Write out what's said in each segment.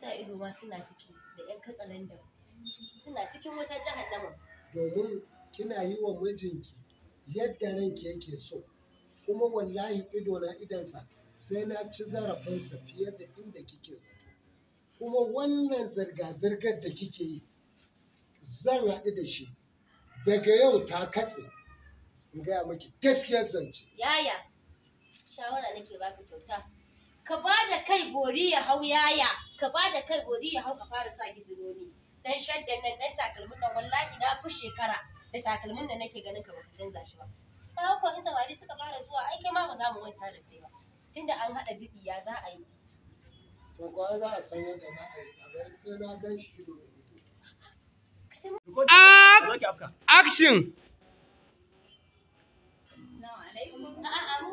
sa ido ma suna ciki da yan katsalandan suna cikin wata jahannama domin kina yi wa mijinki yadda ranki yake so kuma wallahi ido na idonsa sai na ci zarafinsa fiye da inda kike zo kuma wannan zirga-zirgar da kike yi zan haɗu da shi daga yau ta katse in gaya miki gaskiyar zance yaya shawara nake baka kyauta ka ba da kai gori ya hau yaya ka ba da kai gori ya hau ka fara sa gizironi dan shaddan nan dan takalmin nan wallahi na fi shekara da takalmin nan nake ganin ka baka canza shi ba kawo ko isa wari suka fara zuwa ai kai ma ba za mu manta da kai ba tunda an haɗa jibi ya za a yi to ko za a san yadda za a yi a sai na gan shi do action Assalamu alaikum. A'a, mu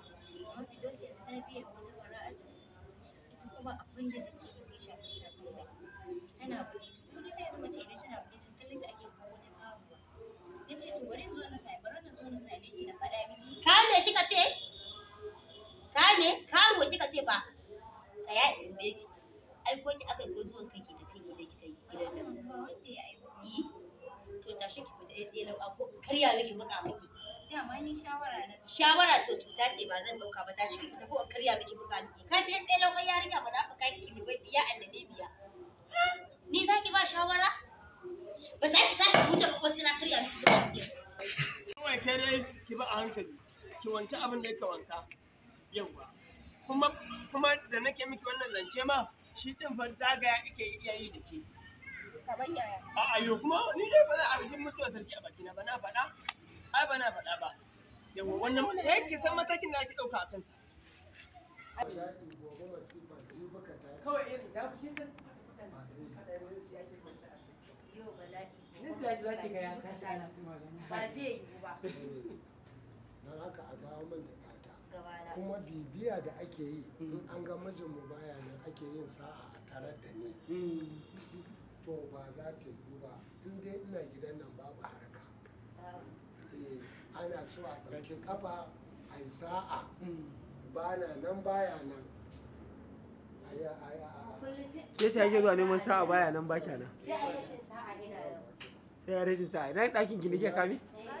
ce ka me kika ce ba? tsaya in aiko ki aka yi zuwan kai da kai da kika yi gidan nan ba eh? to tashi ki fita ko karya miki buka miki dama ni shawara na shawara to cuta ce ba zan dauka ba tashi ki fita ko karya miki buka miki ka ce yarinya ba ki ni biya annabi biya ni zaki ba shawara ba za ki tashi ku ko sai na karya miki buka miki kai ki ba hankali ki wanke abin da yake wanka yauwa kuma kuma da nake miki wannan zance ma shi din fa zagaya yake iya yi da ke kamar yaya a'a yo kuma ni dai ba za a bijin mutuwa sarki a bakina ba na faɗa ai ba na faɗa ba yauwa wannan mun yake eh, san matakin da ake ɗauka a kansa kawai irin na fi san Yau ba la'i. Ba zai yi ba. don haka a dawo min da yata kuma bibiya da ake yi mm. an ga mu baya nan ake yin sa'a a tarar da ni mm. to ba za ta yi ba tun dai ina gidan nan babu harka eh, ana so a ɗauki kafa a yi sa'a mm. ba na nan baya nan ke ta yake zuwa neman sa'a baya nan ba kya nan sai a rashin sa'a ina sai a rashin sa'a ina ɗakin gini ke kami? Eh.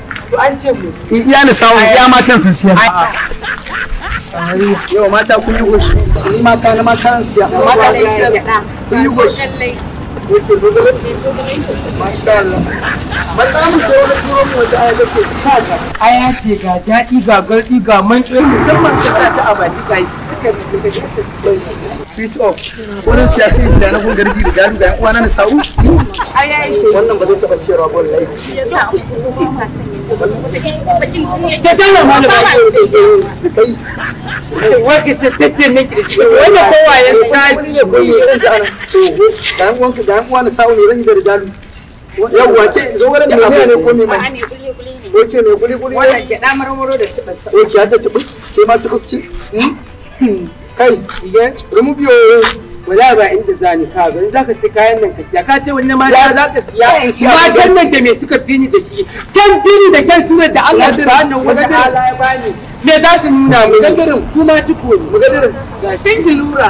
To an ce mu. Iya ni sawo iya matan sun siya. Yau mata kun yi goshi. Ni mata na mata sun siya. Mata ne siya. Kun yi goshi. Aya ce ga daɗi ga gardi ga manƙoyi musamman ka sa ta abaji baki switch off wurin siyasa yin na gun gargi da garu ga yan uwana na sa'u wannan ba zai taba siyarwa ba wallahi da dalla ma da ba wake sai dadde nan ki da wannan ko ya caji ya ko irin jana da yan uwanka da yan uwana sa'u ne rangi da rijalu yawwa ke zo galan da ne ko me mai oke ne guli guli wannan ke da marmaro da tubus oke da tubus ke ma tubus ci kai iya mu wala ba inda zani ka ka gani zaka sai kayan nan ka siya ka ce wani mata za ka siya matan nan da me suka fi ni da shi can dini da kan suna da Allah subhanahu wa ta'ala ya bani me za su nuna mini kuma tuko ne magadirin ga shi lura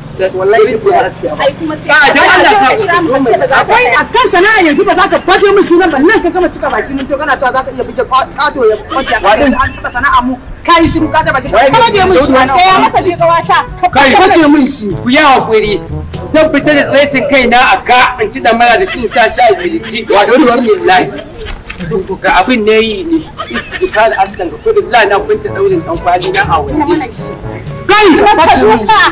wallahi ah, duk ba siya ba a dan Allah ka akwai akan sana'a yanzu ba za ka baje min sunan ba nan ka gama cika baki mun to kana cewa za ka iya bige kato ya kwace an cika sana'a mu kai shiru ka ta baki ka baje min shi wannan ya masa je gawata kai baje min shi ku ya hakuri zan fita da tsaicin kaina a ka in ci dan mara da shi sa sha biliji wato bismillah ga abin ne yi ne istighfar aslan ga da la na kunta daurin dan kwali na a waje kai baje min shi